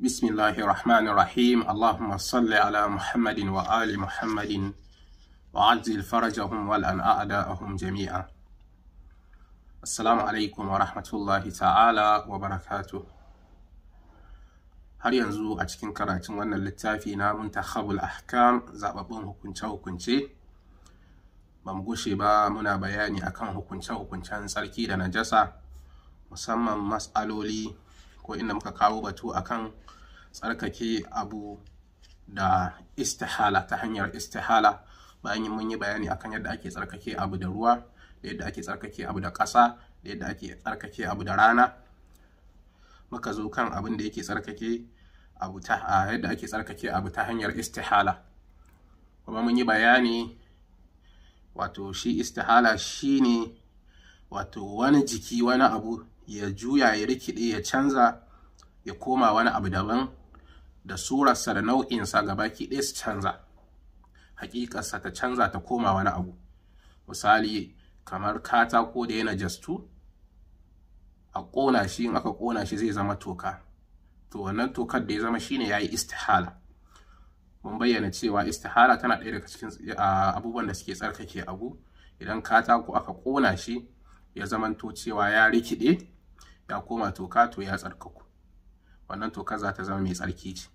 بسم الله الرحمن الرحيم اللهم صل على محمد وآل محمد وعزل فرجهم والأن أعداءهم جميعا السلام عليكم ورحمة الله تعالى وبركاته har yanzu a cikin karatun wannan littafi na muntakhabul ahkam zababbun hukunce-hukunce ba mu gushe ba muna bayani akan hukunce-hukuncen tsarki da najasa musamman matsaloli ko inda muka kawo batu akan tsarkake abu da istihala ta hanyar istihala bayan mun yi bayani akan yadda ake tsarkake abu da ruwa da yadda ake tsarkake abu da ƙasa da yadda ake tsarkake abu da rana muka zo kan abin da yake tsarkake abu ta yadda ake tsarkake abu ta hanyar istihala kuma mun yi bayani wato shi istihala shine wato wani jiki wani abu ya juya ya rikide ya canza ya koma wani abu daban da surarsa da nau'insa gabaki ɗaya su canza hakikarsa ta canza ta koma wani abu misali kamar katako da yana jastu a ƙona shi in aka ƙona shi zai zama toka to wannan tokar da ya zama shine yayi istihala mun bayyana cewa istihala tana ɗaya daga cikin abubuwan da suke tsarkake abu idan katako aka ƙona shi ya zamanto cewa ya rikide ya koma toka to ya tsarkaku wannan toka za ta zama mai tsarki ce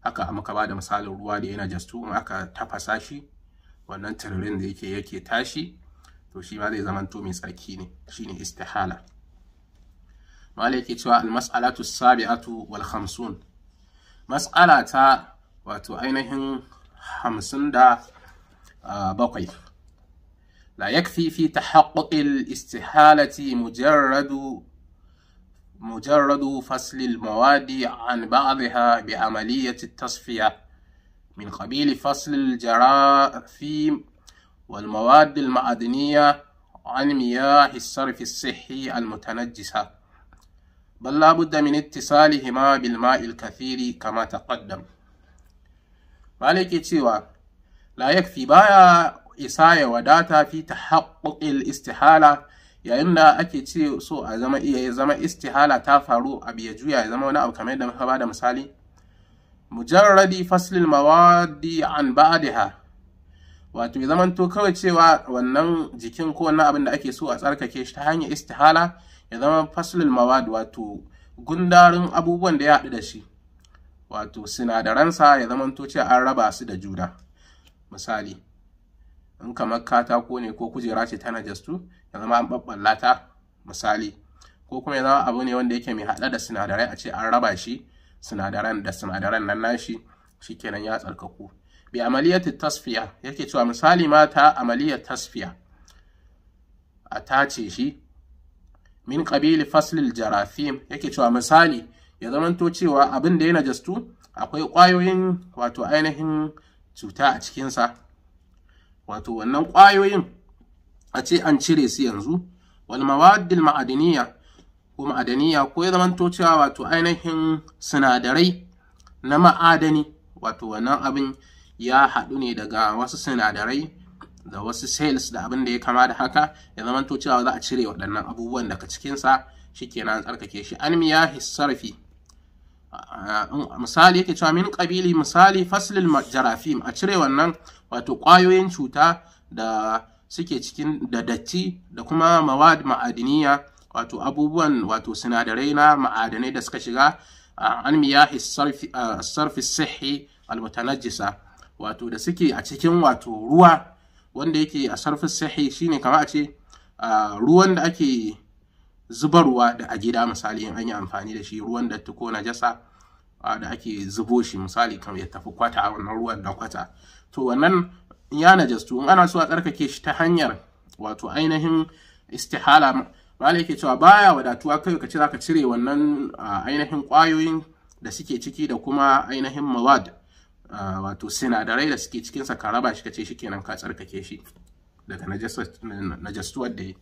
haka muka ba da misalin ruwa da yana jastu in aka tafasa shi wannan tururin da yake yake tashi to shi ma zai zama to mai tsarki ne shine istihala malai yake cewa almas'alatu sabi'atu wal khamsun mas'ala ta wato ainihin hamsin da ah, bakwai لا يكفي في تحقق الاستحالة مجرد مجرد فصل المواد عن بعضها بعملية التصفية من قبيل فصل الجراثيم والمواد المعدنية عن مياه الصرف الصحي المتنجسة بل لا بد من اتصالهما بالماء الكثير كما تقدم مالك تيوا لا يكفي بايا isa ya wadata fi tahaqquqil istihala yayin da ake ce so a zama iya zama istihala ta faru a biya juya ya zama wani abu kamar yadda muka bada misali mujarradi faslil mawadi an ba'daha wato ya to kawai cewa wannan jikin ko wannan abin da ake so a tsarkake shi ta hanyar istihala ya zama faslil mawad wato gundarin abubuwan da ya haɗu da shi wato sinadaransa ya zama to cewa an raba su da juna misali in kamar katako ne ko kujera ce ta najastu ya zama an ɓaɓɓalla ta misali ko kuma ya zama abu ne wanda yake mai haɗa da sinadarai a ce an raba shi sinadaran da sinadaran nan nashi shikenan ya tsarkaku bi amaliyat tasfiya yake cewa misali ma ta tasfiya a tace shi min qabili faslil jarafim yake cewa misali ya zamanto cewa abin da ya najastu akwai kwayoyin wato ainihin cuta a cikinsa wato wannan ƙwayoyin a ce an cire su yanzu wal mawaddil ma'adiniya ko ma'adaniya ko ya zamanto cewa wato ainihin sinadarai na ma'adani wato wannan abin ya haɗu ne daga wasu sinadarai da wasu sales da abin da ya kama da haka ya zamanto cewa za a cire waɗannan abubuwan daga cikinsa Shi kenan tsarkake shi an miya sarfi misali yake cewa min qabili misali faslil jarafim a cire wannan wato kwayoyin cuta da suke cikin da datti da kuma mawad ma'adiniya wato abubuwan wato sinadarai na ma'adanai da suka shiga an miya sarfi sihi almutanajjisa wato da suke a cikin wato ruwa wanda yake a sarfi sihi shine kamar a ce ruwan da ake zubarwa da a gida misali in an yi amfani da shi ruwan datti ko najasa da ake zubo shi misali kan ya tafi kwata a wannan ruwan da kwata to wannan ya najastu in ana so a tsarkake shi ta hanyar wato ainihin istihala malai ke cewa baya wadatuwa kai ka ci zaka cire wannan ainihin kwayoyin da suke ciki da kuma ainihin mawad wato sinadarai da suke cikinsa ka raba shi ka ce kenan ka tsarkake shi daga najastuwar da yi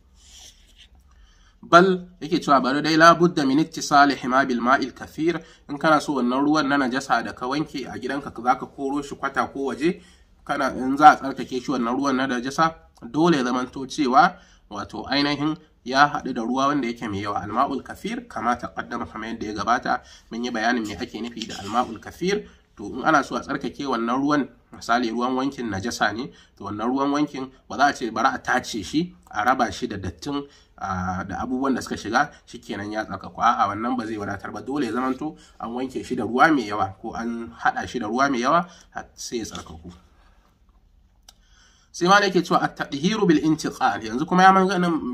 bal yake cewa bari dai labudda min ittisali ma bil ma'il Kafir in kana so wannan ruwan na najasa da ka wanke a gidanka ka zaka koro shi kwata ko waje kana in za a tsarkake shi wannan ruwan na najasa dole zamanto cewa wato ainihin ya haɗu da ruwa wanda yake mai yawa alma'ul kafir kama ta kaddama kamar yadda ya gabata mun yi bayanin me ake nufi da alma'ul kafir to in ana so a tsarkake wannan ruwan misali ruwan wankin najasa ne to wannan ruwan wankin ba za a ce bari a tace shi a raba shi da dattin da abubuwan da suka shiga shikenan ya tsarkaku a'a wannan ba zai wadatar ba dole ya zamanto an wanke shi da ruwa mai yawa ko an haɗa shi da ruwa mai yawa sai ya tsarkaku sai ma da yake cewa a tadhiru bil intiqal yanzu kuma ya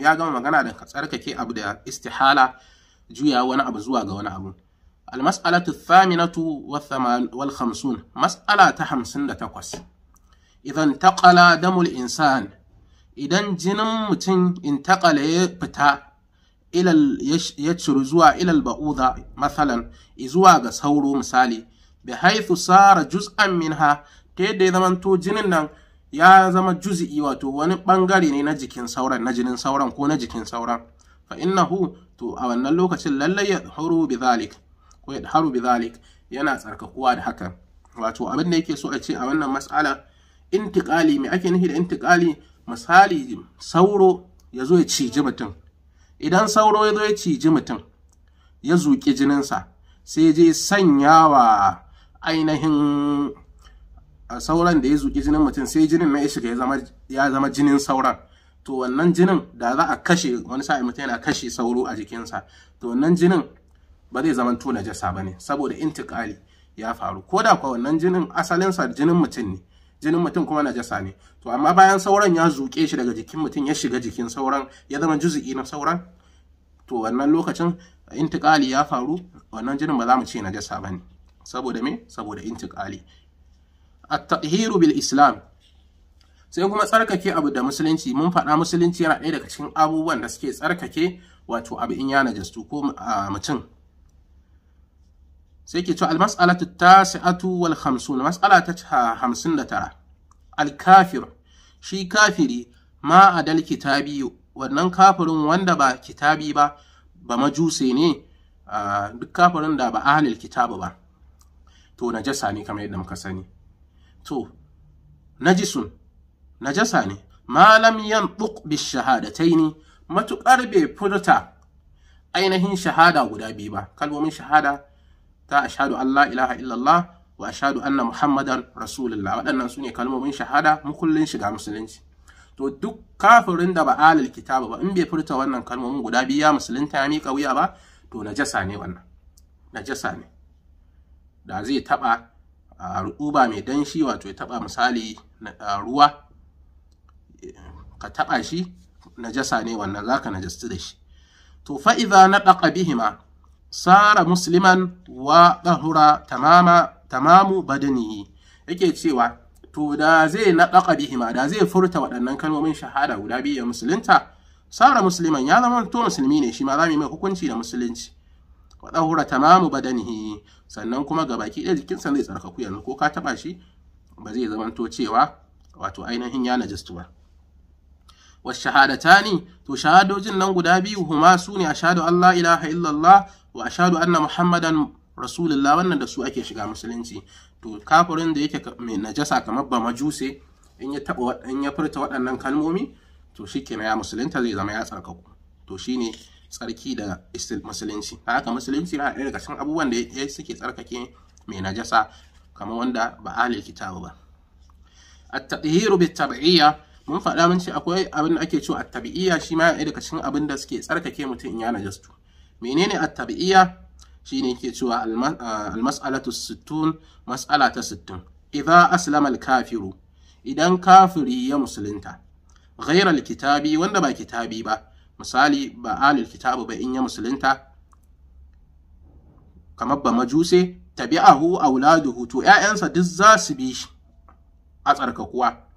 ya gama magana da tsarkake abu da istihala juya wani abu zuwa ga wani abu hamsin الثامنة والخمسون مسألة ta تقص إذا انتقل damul الإنسان idan jinin mutum intakala ya fita ilal ya ciru zuwa ilal da masalan zuwa ga sauro misali bi haithu sara juz'an minha ta yadda ya zamanto jinin nan ya zama juz'i wato wani bangare ne na jikin sauran na jinin sauran ko na jikin sauran fa innahu to a wannan lokacin lallai ya haru bi zalik ko ya haru bi zalik yana tsarkakuwa da haka wato abin da yake so a ce a wannan mas'ala intiqali me ake nufi da intikali. misali sauro ya zo ya ciji mutum idan sauro ya zo ya ciji mutum ya zuƙi jininsa sai je sanya wa ainihin sauran da ya zuƙi jinin mutum sai jinin na ya ya zama jinin sauran to wannan jinin da za a kashe wani sa'i mutum yana kashe sauro a jikinsa to wannan jinin ba zai zama tona jasa ba ne saboda intikali ya faru ko da kuwa wannan jinin asalinsa jinin mutum ne jinin mutum kuma najasa ne to amma bayan sauran ya zuke shi daga jikin mutum ya shiga jikin sauran ya zama juzu'i na sauran to wannan lokacin intikali ya faru wannan jinin ba za mu ce najasa bane saboda me saboda intikali at-tahiru bil islam sai kuma tsarkake abu da musulunci mun faɗa musulunci yana ɗaya daga cikin abubuwan da suke tsarkake wato abu in ya najastu ko ah, mutum sai ke cewa almas'alatu tasi'atu wal khamsun mas'ala ta da tara. Alkafir, shi kafiri ma adal kitabi wannan kafirin wanda ba kitabi ba ba majuse ne duk kafirin da ba ahlul kitabu ba to najasa ne kamar yadda muka sani to najisun najasa ne malam yanṭuq shahadatai ne, matuƙar bai furta ainihin shahada guda biyu ba kalmomin shahada ta ashhadu an ilaha illallah wa ashhadu anna muhammadan rasulullah waɗannan su ne kalmomin shahada makullin shiga musulunci to duk kafirin da ba alal kitaba ba in bai furta wannan kalmomin guda biyu ya musulunta ya miƙa wuya ba to najasa ne wannan najasa ne da zai taɓa ruɓa mai danshi wato ya taɓa misali ruwa ka taɓa shi najasa ne wannan zaka najastu da shi to fa'iza na ɗaƙa bihima sara musliman wa ɗahura tamamu badanihi yake cewa to da zai naɗaƙa bihima da zai furta waɗannan kalmomin shahada guda biyu ya musulunta sara musliman ya zama to musulmi ne shi ma za mu yi mai hukunci da musulunci wa ɗahura tamamu badanihi sannan kuma ga baki ɗaya jikinsa zai tsarkaku yanzu ko ka taɓa shi ba zai zama to cewa wato ainihin ya najistu ba shahadatani to shahadojin nan guda biyu huma sune ashhadu an la ilaha illallah wa ashadu anna muhammadan rasulullah wannan da su ake shiga musulunci to kafirin da yake mai najasa kamar ba majuse in ya taba in ya furta waɗannan kalmomi to shikenan ya musulunta zai zama ya tsarkaku to shine tsarki da musulunci haka musulunci yana ɗaya daga cikin abubuwan da ya suke tsarkake mai najasa kamar wanda ba ahli kitabu ba at-tadhiru bit-tab'iyya mun faɗa mun ce akwai abin da ake cewa a tabiyya shi ma yana daga cikin abin da suke tsarkake mutum in ya najastu menene at-tabi'iyya shine yake cewa al-mas'alatu sittun mas'ala ta sittin. idza aslama al-kafiru idan kafiri ya musulunta ghayra al-kitabi wanda ba kitabi ba misali ba alil kitabu ba in ya musulunta kamar ba majuse tabi'ahu auladuhu to 'ya'yansa duk za su bi a tsarkakuwa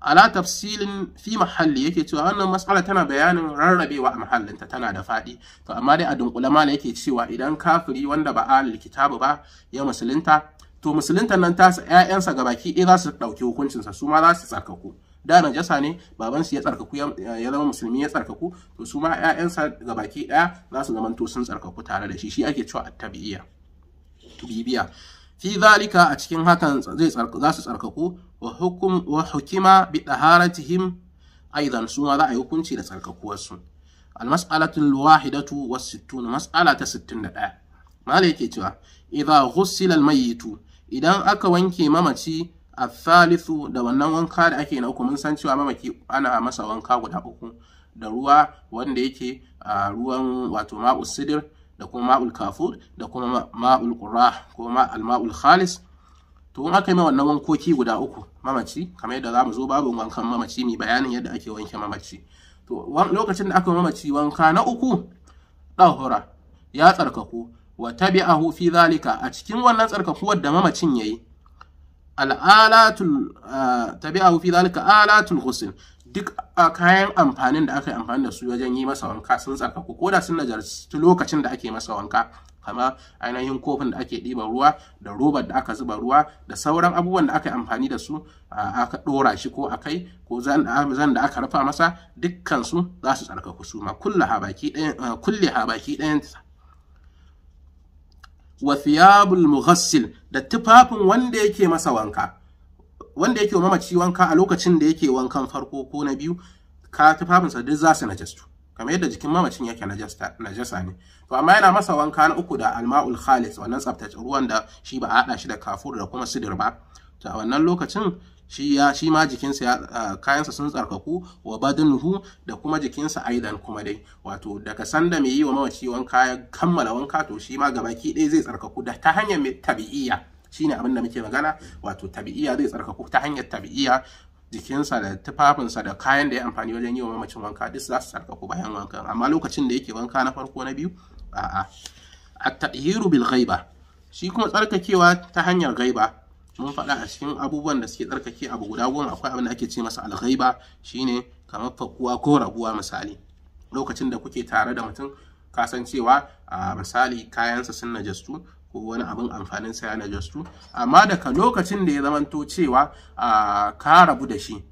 ala tafsilin fi mahalli yake cewa wannan matsala tana bayanin rarrabewa a mahallinta tana da faɗi to amma dai a dunkule mala yake cewa idan kafiri wanda ba alil kitabu ba ya musulunta to musulunta nan tasa ƴaƴansa ga baki ɗaya za su ɗauki hukuncinsa su ma za su tsarkaku da jasa ne babansu ya tsarkaku ya zama musulmi ya tsarkaku to su ma ƴaƴansa ga baki ɗaya za su zamanto sun tsarkaku tare da shi shi ake cewa at-tabi'iyya fi zalika a cikin hakan zai za su tsarkaku wa hukum wa hukima bi taharatihim aidan su ma za a yi hukunci da tsarkakuwar su al al wahidatu was 60 mas'ala ta 61 mala yake cewa idza hussilal al mayyitu idan aka wanke mamaci a athalithu da wannan wanka da ake na uku mun san cewa mamaki ana masa wanka guda uku da ruwa wanda yake a ruwan wato mausidir da kuma ma'ul kafur da kuma ma'ul qurra ko ma'al ma'ul khalis to in aka yi wannan wankoki guda uku mamaci kamar yadda za mu zo babu wankan mamaci mai bayanin yadda ake wanke mamaci to lokacin da aka mamaci wanka na uku ɗahura ya tsarkaku wa tabi'ahu fi zalika a cikin wannan tsarkakuwar da mamacin yayi al'alatul tabi'ahu fi zalika alatul ghusl duk a kayan amfanin da aka yi amfani da su wajen yi masa wanka sun tsarkaku ko da sun najarci lokacin da ake masa wanka kama ainihin kofin da ake ɗiba ruwa da robar da aka zuba ruwa da sauran abubuwan da aka yi amfani da su aka ɗora shi ko a kai ko zan da aka rufa masa dukkan su za su tsarkaku su ma kulle ha baki ɗayan wa thiyabul mughassil da tufafin wanda yake masa wanka wanda yake wa mamaci wanka a lokacin da yake wankan farko ko na biyu ka tufafinsa duk zasu su najastu kamar yadda jikin mamacin yake najasa ne to amma yana masa wanka na uku da alma'ul khalis wannan tsaftace ruwan da shi ba a haɗa shi da kafur da kuma sidir ba to a wannan lokacin shi ya shi ma jikinsa ya kayansa sun tsarkaku wa badunhu da kuma jikinsa aidan kuma dai wato daga sanda mai yi wa mamaci wanka ya kammala wanka to shi ma gabaki ɗaya zai tsarkaku da ta hanyar tabi'iyya shine abin da muke magana wato tabi'iya zai tsarkaku ta hanyar tabi'iya jikinsa da tufafinsa da kayan da ya amfani wajen yi wa mamacin wanka duk za su tsarkaku bayan wankan amma lokacin da yake wanka na farko na biyu a'a at-tahiru bil ghaiba shi kuma tsarkakewa ta hanyar gaiba mun faɗa a cikin abubuwan da suke tsarkake abu guda goma akwai abin da ake ce masa alghaiba shine kamar fakuwa ko rabuwa misali lokacin da kuke tare da mutum kasancewa a misali kayansa sun najastu ko wani abin amfanin sa na jastu amma daga lokacin da ya zamanto cewa a ka rabu da shi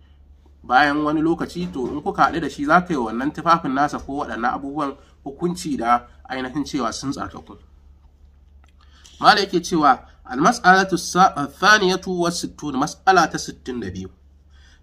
bayan wani lokaci to in kuka haɗu da shi za ka yi wannan tufafin nasa ko waɗannan abubuwan hukunci da ainihin cewa sun ku. mala yake cewa almas'alatu thaniyatu wa sittun mas'ala ta 62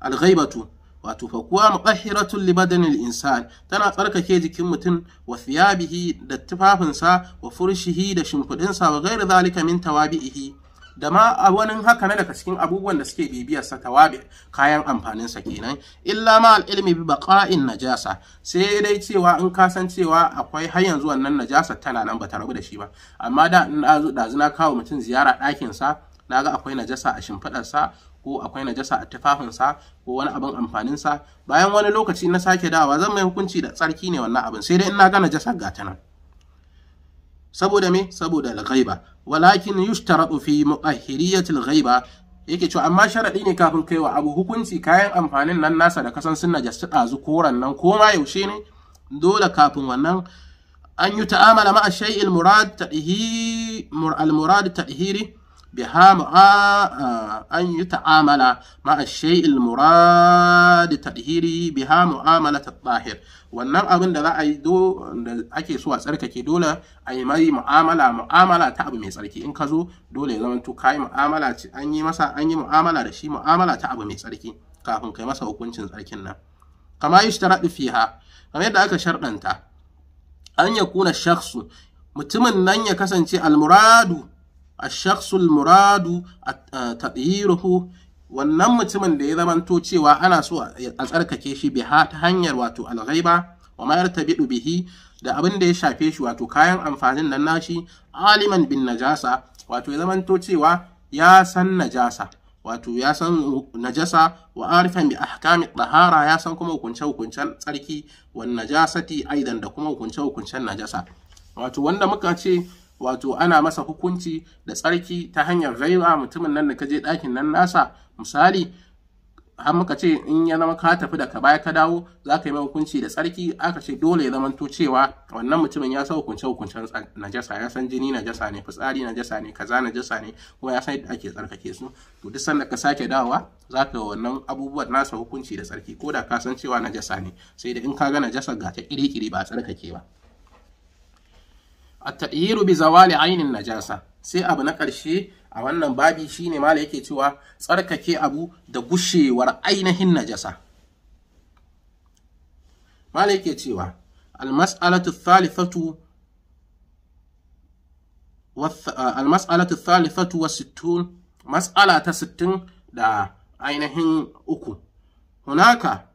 algaibatu wato fakuwa muqahhiratun li badanil insan tana tsarkake jikin mutum wa thiyabihi da tufafinsa wa furshihi da shimfidinsa wa ghairu zalika min tawabi'ihi da ma a wani haka na daga cikin abubuwan da suke bibiyar sa tawabi kayan amfanin sa kenan illa ma al-ilmi bi baqa'in najasa sai dai cewa in ka san cewa akwai har yanzu wannan najasa tana nan bata rabu da shi ba amma da in na kawo mutum ziyara ɗakin sa naga akwai najasa a shimfiɗar sa ko akwai najasa a tufafinsa ko wani abin amfaninsa bayan wani lokaci na sake dawa zan mai hukunci da tsarki ne wannan abin sai dai ina jasa ga najasar nan saboda me saboda al-ghaiba walakin yushtaratu fi mutahhiriyati ghaiba yake cewa amma sharaɗi ne kafin kaiwa abu hukunci kayan amfanin nan nasa da kasan sun najasta ɗazu koran nan ko ma yaushe ne dole kafin wannan an yi ta'amala ma'a shay'il murad tadhiri al-murad tadhiri بها أن يتعامل مع الشيء المراد تطهيره بها معاملة الطاهر wannan abin da za a yi da ake so a tsarkake dole a yi mai mu'amala mu'amala ta abu mai tsarki in ka zo dole ya zama to ka yi ce. an yi masa an yi mu'amala da shi mu'amala ta abu mai tsarki kafin kai masa hukuncin tsarkin nan kama yi shtaradu fiha kamar yadda aka sharɗanta an ya kuna shakhsu mutumin nan ya kasance almuradu الشخص muradu تطهيره wannan mutumin da ya zamanto cewa ana so a tsarkake shi biha ta hanyar wato alghaiba wa ma yartabidu bihi da abin da ya shafe shi wato kayan amfanin nan nashi aliman bin najasa wato ya zamanto cewa ya san najasa wato ya san najasa wa arifan bi ahkami Ɗahara ya san kuma hukunce hukuncen tsarki wa najasati aidan da kuma hukunce hukuncen najasa wato wanda muka ce wato ana masa hukunci da tsarki ta hanyar raiwa mutumin nan da ka je ɗakin nan nasa misali har muka ce in ya zama ka tafi da ka baya ka dawo za ka yi mai hukunci da tsarki aka ce dole ya zamanto cewa wannan mutumin ya san hukunce hukuncen najasa ya san jini najasa ne fitsari najasa ne kaza najasa ne kuma ya san yadda ake tsarkake su to duk sanda ka sake dawowa za ka yi wannan abubuwan nasa hukunci da tsarki ko da ka san cewa najasa ne sai da in ka ga najasa ga ta kiri-kiri ba tsarkake ba A tayiru bi zawali ainin najasa sai abu na ƙarshe a wannan babi shine mala yake cewa tsarkake abu da gushewar ainihin najasa mala yake cewa al-mas'alatu wa sittun mas'ala ta sittin da ainihin uku hunaka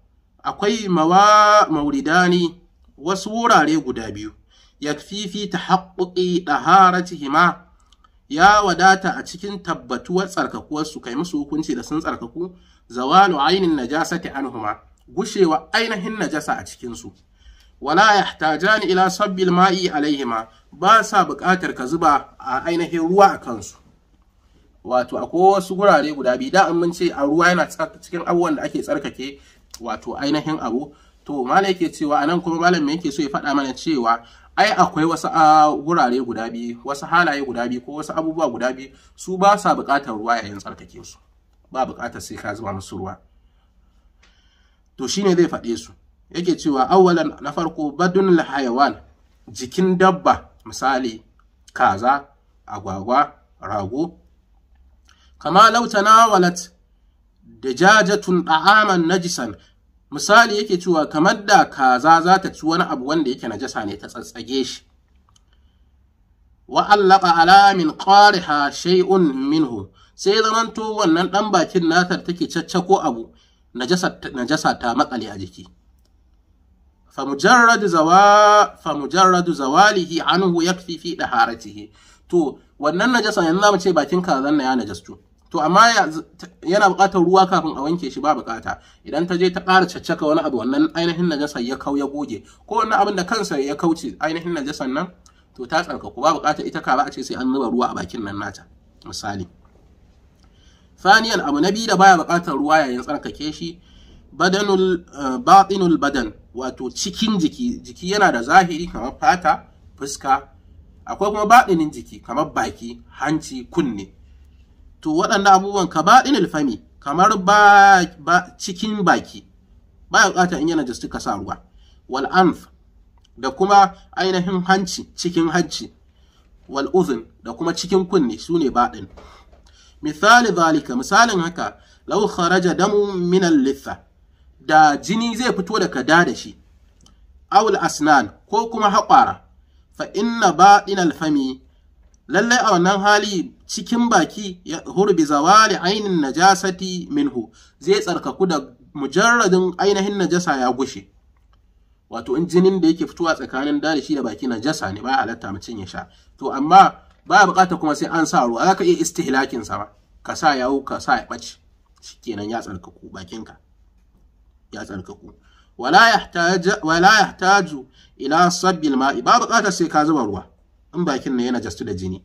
akwai mawa mauridani wasu wurare guda biyu yakfi fi tahaqquqi cihima. ya wadata a cikin tabbatuwar tsarkakuwarsu kai musu hukunci da sun tsarkaku zawalu ainin najasati anhuma gushewa ainihin najasa a cikinsu wala yahtajani ila sabbil ma'i alaihima ba sa buƙatar ka zuba a ainihin ruwa a kansu wato akwai wasu gurare guda biyu da mun ce a ruwa yana cikin abubuwan da ake tsarkake wato ainihin abu to malam yake cewa anan kuma malam yake so ya faɗa mana cewa ai akwai wasu wurare guda biyu wasu halaye guda biyu ko wasu abubuwa guda biyu su ba sa buƙatar ruwa yayin tsarkake su ba buƙatar sai ka zuba musu ruwa to shine zai faɗe su yake cewa awwalan na farko badun hayawan jikin dabba misali kaza agwagwa rago kama lautana walat da jajatun da'aman najisan misali yake cewa kamar da kaza za ta ci wani abu wanda yake najasa ne ta tsatsage shi wa allaka ala min qariha shay'un minhu sai zamanto wannan dan bakin nata take caccako abu najasa najasa ta makale a jiki fa mujarrad zawa fa mujarrad zawalihi anhu yakfi fi daharatihi to wannan najasa yanzu mu ce bakin kazan na ya najastu to amma yana buƙatar ruwa kafin a wanke shi ba buƙata idan ta je ta ƙara caccaka wani abu wannan ainihin najasar ya kau ya goge ko wani abin da kansa ya kauce ainihin najasar nan to ta ku ba buƙata ita kara a ce sai an zuba ruwa a bakin nan nata misali faniyan abu na biyu da baya buƙatar ruwa yayin tsarkake shi badanul eh, batinul badan wato cikin jiki jiki yana da zahiri kamar fata fuska akwai kuma baɗinin jiki kamar baki hanci kunne to waɗannan abubuwan ka ba ɗinil fami kamar ba, cikin baki ba ya ƙata in yana jistu ka sa ruwa wal anf da kuma ainihin hanci cikin hanci wal uzun da kuma cikin kunne su ne baɗin misali zalika misalin haka lau kharaja damu minan litha da jini zai fito daga da da shi awul asnan ko kuma haƙwara fa inna baɗin alfami lallai a wannan hali cikin baki ya hurbi zawali ainin najasati minhu zai tsarkaku da mujarradin ainihin najasa ya gushe wato in jinin da yake fitowa tsakanin da shi da baki najasa ne ba halatta mutum ya sha to amma ba bukata kuma sai an sa ruwa zaka iya istihlakin sa ba ka sa yawo ka sa ya bace shikenan ya tsarkaku bakinka ya tsarkaku wala yahtaju wala yahtaju ila sabbil ma'i ba bukata sai ka zuba ruwa in bakin ne yana jastu da jini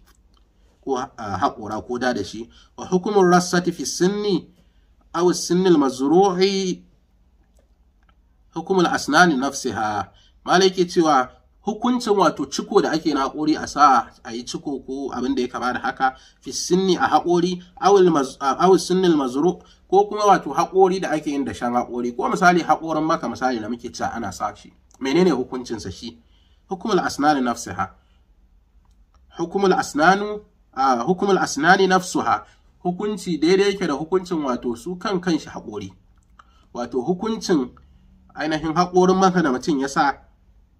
ko ah, haƙora ko da da shi wa hukumar rassati fi sinni aw sinni hukumar asinani hukumul asnani nafsiha cewa hukuncin wato ciko da ake na a sa a yi ciko ko abin da ya kama da haka fi sinni a haƙori awul ah, sinnil mazuru ko kuma wato haƙori da ake yin da shan haƙori ko misali haƙorin maka misali da muke cewa ana sa shi menene hukuncinsa shi hukumul asnani nafsiha hukumul asnanu a hukumul asnani nafsuha hukunci daidai yake da hukuncin wato su kan kanshi haƙori wato hukuncin ainihin haƙorin maka da mutum ya sa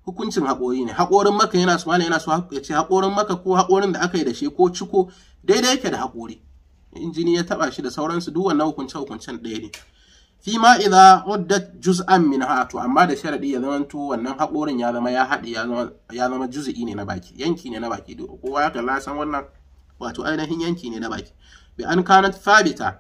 hukuncin haƙori ne haƙorin maka yana su yana su ya ce haƙorin maka ko haƙorin da aka yi da shi ko ciko daidai yake da haƙori in ya taɓa shi da sauransu duk wannan hukunce hukuncen ɗaya ne fi ma idza uddat juz'an minha to amma da sharadi ya zama to wannan haƙorin ya zama ya haɗe ya zama juz'i ne na baki yanki ne na baki kowa ya kalla san wannan wato ainihin yanki ne na baki bi an kanat thabita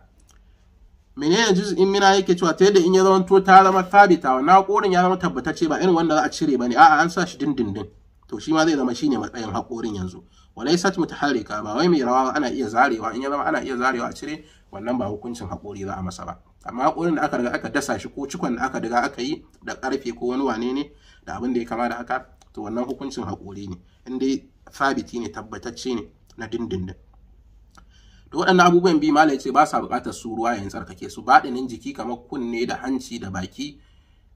menene juz'in mina yake cewa ta yadda in ya zama to ta zama thabita wannan haƙorin ya zama tabbatacce ba irin wanda za a cire bane a'a an sa shi dindindin to shi ma zai zama shine matsayin haƙorin yanzu walaysat mutaharrika ba wai mai rawa ana iya zarewa in ya zama ana iya zarewa a cire wannan ba hukuncin haƙori za a masa ba amma haƙorin da aka riga aka dasa shi ko cikon da aka riga aka yi da ƙarfe ko wani wane ne da abin da ya kama da haka to wannan hukuncin haƙori ne in dai sabiti ne tabbatacce ne na dindindin to waɗannan abubuwan biyu malai ce ba sa buƙatar su ruwa yayin tsarkake su baɗinin jiki kamar kunne da hanci da baki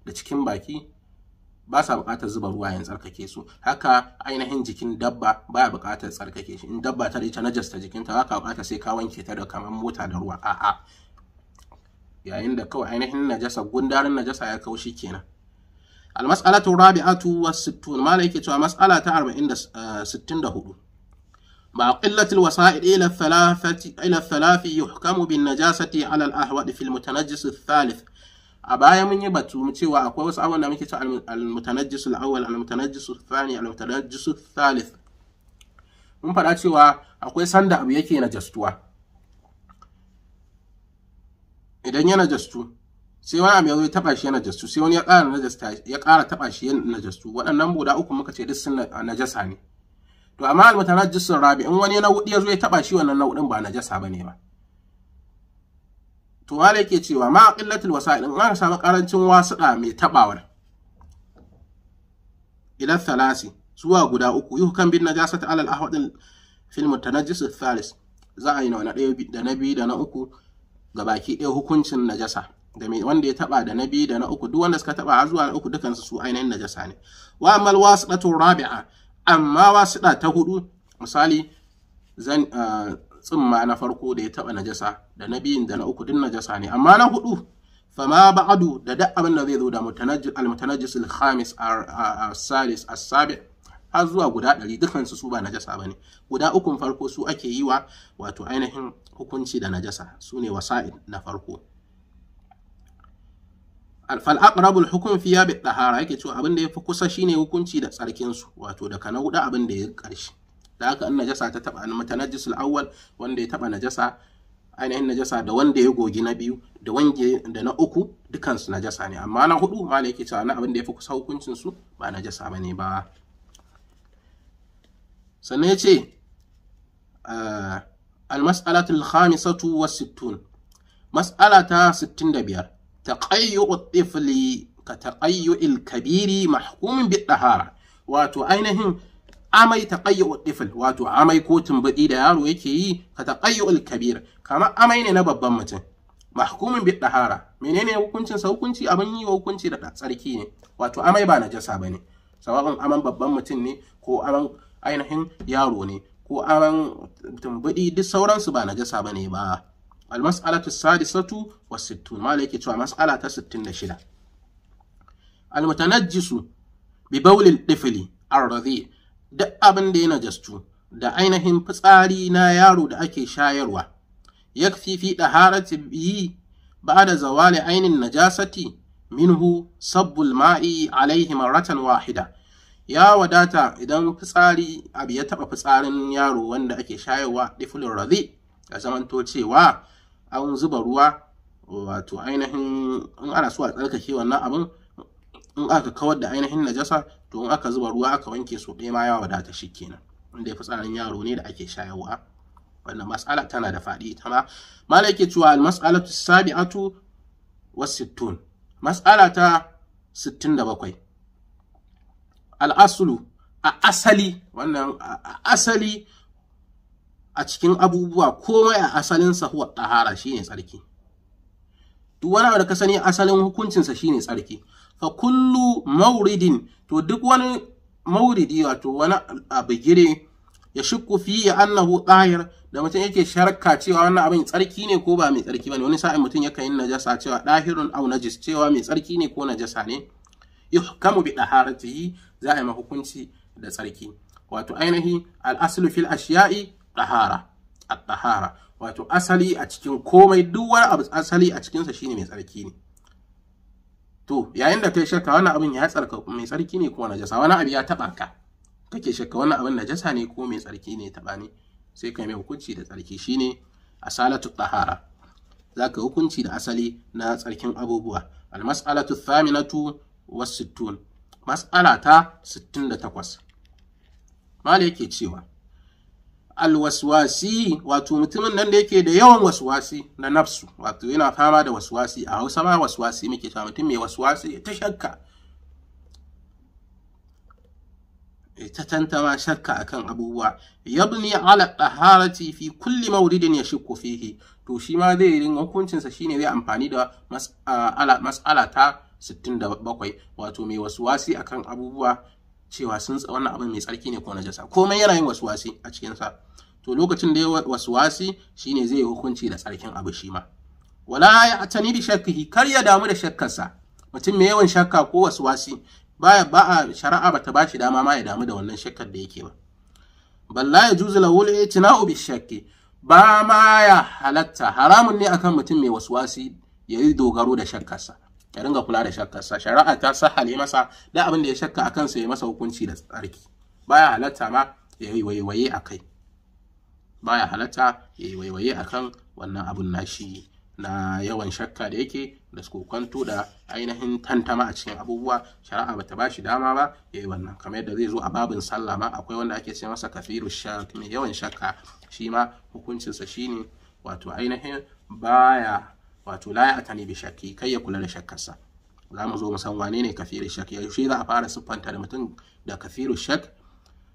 da cikin baki ba sa buƙatar zuba ruwa ya tsarkake su haka ainihin jikin dabba baya buƙatar tsarkake shi in dabba ta rica najasta jikinta ba ka buƙatar sai ka wanke ta da kamar mota da ruwa a'a yayin da kawai ainihin najasa gundarin najasa ya kaushi kenan almas'alatu rabi'atu wa sittun mala yake cewa mas'ala ta 64 مع قلة الوسائل إلى الثلاثة إلى الثلاث يحكم بالنجاسة على الأهوأ في المتنجس الثالث a baya mun yi batu cewa akwai wasu abin da muke ci al-mutanajjisul awwal al-mutanajjisul thani al-mutanajjisul thalith mun faɗa cewa akwai sanda abu yake na jastuwa idan yana jastu sai wani abu ya zo ya taba shi yana jastu sai wani ya ƙara jasta ya kara taba shi yana jastu waɗannan buda uku muka ce duk sun najasa ne to amma al-mutanajjisul rabi in wani na wudi ya zo ya taba shi wannan na wudin ba najasa bane ba to hala yake cewa ma qillatul wasa'il in aka samu karancin wasuɗa mai tabawar ila thalasi zuwa guda uku kan bin najasati alal ahwadin fil mutanajjis thalis za a yi na ɗaya da na biyu da na uku ga baki ɗaya hukuncin najasa da mai wanda ya taba da na biyu da na uku duk wanda suka taba a zuwa na uku dukansu su ainihin najasa ne wa amal wasuɗatu rabi'a amma wasuɗa ta hudu misali zan ah, tsimma na farko da ya taɓa najasa da na biyun da na uku din najasa ne amma na hudu fama ba'adu da duk abin da zai zo da almutanajis alhamis a salis asabi sabi har zuwa guda ɗari dukansu su ba najasa ne? guda ukun farko su ake yi wa wato ainihin hukunci da najasa su ne wasa'id na farko alfal aqrabul hukm fiya bi ɗahara yake cewa abin da fi kusa shine hukunci da tsarkinsu wato daga na huda abin da ya karshe da haka in najasa ta taba najisul awwal wanda ya taba najasa ainihin najasa da wanda ya gogi na biyu da wange da na uku dukansu najasa ne amma na hudu mala yake cewa na abin da ya fi kusa hukuncin su ba najasa ba ne ba sannan ya ce المسألة الخامسة والستون مسألة ستين دبير تقيع الطفل كتقيع الكبير محكوم بالطهارة واتو أينهم amai taqayyu ɗifil wato amai ko tumbudi da yaro yake yi ka taqayyu kabir kamar amai ne na babban mutum mahkumin bi dahara menene hukuncin sa hukunci abin yi wa hukunci da tsarki ne wato amai ba najasa bane sababin aman babban mutum ne ko aman ainihin yaro ne ko aman tumbudi duk sauransu ba najasa bane ba sadi sadisatu wa 60 mala yake cewa mas'ala ta 66 mutanajjisu bi bawlil ar arradhi duk abin da ya najastu da ainihin fitsari na yaro da ake shayarwa yakfi fi yi ba da zawali ainihin najasati minhu sabbul ma'i alaihi maratan wahida ya wadata idan fitsari abu ya taɓa fitsarin yaro wanda ake shayarwa difulin razi ya zamanto cewa an zuba ruwa wato ainihin in ana so a tsarkake wannan abin in aka kawar da ainihin najasa to in aka zuba ruwa aka wanke su ɗaya ma ya wadata shi kenan wanda ya fi yaro ne da ake shayarwa wannan mas'ala tana da faɗi ita ma mala yake cewa al-mas'alatu sabi'atu wasittun mas'ala ta 67 al-aslu a asali wannan a asali a cikin abubuwa komai a sa huwa tahara shine tsarki duk wani abu da ka sani asalin hukuncinsa shine tsarki fa kullu mauridin to duk wani mauridi wato wani abigire ya shukku fi annahu ɗahir da mutum yake sharka cewa wannan abin tsarki ne ko ba mai tsarki bane wani sa'in mutum yakan yin najasa cewa ɗahirun au najis cewa mai tsarki ne ko najasa ne yuhkamu bi yi za a yi mahukunci da tsarki wato ainihi al-aslu fil ashiya'i dahara at wato asali a cikin komai duk wani abu asali a cikinsa shine mai tsarki ne to yayin da kai shakka wani abin ya tsarka mai tsarki ne ko najasa wani abu ya taɓa ka kake shakka wani abin najasa ne ko mai tsarki ne taɓa ne sai kai mai hukunci da tsarki shine asalatu tahara zaka hukunci da asali na tsarkin abubuwa al mas'alatu thaminatu was sittun mas'ala ta 68 mala yake cewa alwaswasi wato mutumin nan da yake da yawan waswasi na nafsu wato yana fama da waswasi a hausa ma waswasi muke cewa mutum mai waswasi ta shakka ta tantama shakka akan abubuwa yabni ala taharati fi kulli mawridin kofi fihi to shi ma zai yi ringa hukuncinsa shine zai amfani da mas'ala ta 67 wato mai waswasi akan abubuwa cewa sun wannan abin mai tsarki ne ko jasa, komai yana yin waswasi a cikin sa to lokacin da ya waswasi shine zai hukunci da tsarkin abu shi ma wala ya atani bi shakkihi kar ya damu da shakkarsa mutum mai yawan shakka ko waswasi baya ba a shari'a bata ba shi dama ma ya damu da wannan shakkar da yake ba balla ya juzu la wul itinau bi shakki ba ma ya halatta haramun ne akan mutum mai waswasi ya yi dogaro da shakkarsa ya dinga kula da shakkarsa shari'a ta sahale masa da abin da ya shakka a kansa ya masa hukunci da tsarki baya halatta ma ya yi waiwaye a kai baya halatta ya yi waiwaye a kan wannan abun nashi na yawan shakka da yake da kokonto da ainihin tantama a cikin abubuwa shari'a bata ba shi dama ba ya yi wannan kamar yadda zai zo a babin sallah ma akwai wanda ake ce masa kafiru shak mai yawan shakka shi ma hukuncinsa shine wato ainihin baya wato la ya atani bi shakki kai ya kula da shakkarsa za mu zo mu san wane ne kafiru shak yaushe za a fara siffanta da mutum da kafiru shak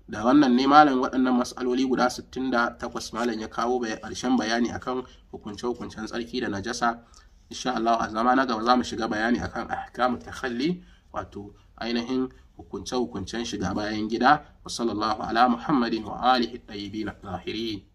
da wannan ne malam waɗannan matsaloli guda 68 malam ya kawo ƙarshen bayani akan hukunce-hukuncen tsarki da najasa insha Allah a zama na gaba za mu shiga bayani akan ahkamu takhalli wato ainihin hukunce-hukuncen shiga bayan gida wa sallallahu ala muhammadin wa alihi tayyibin zahirin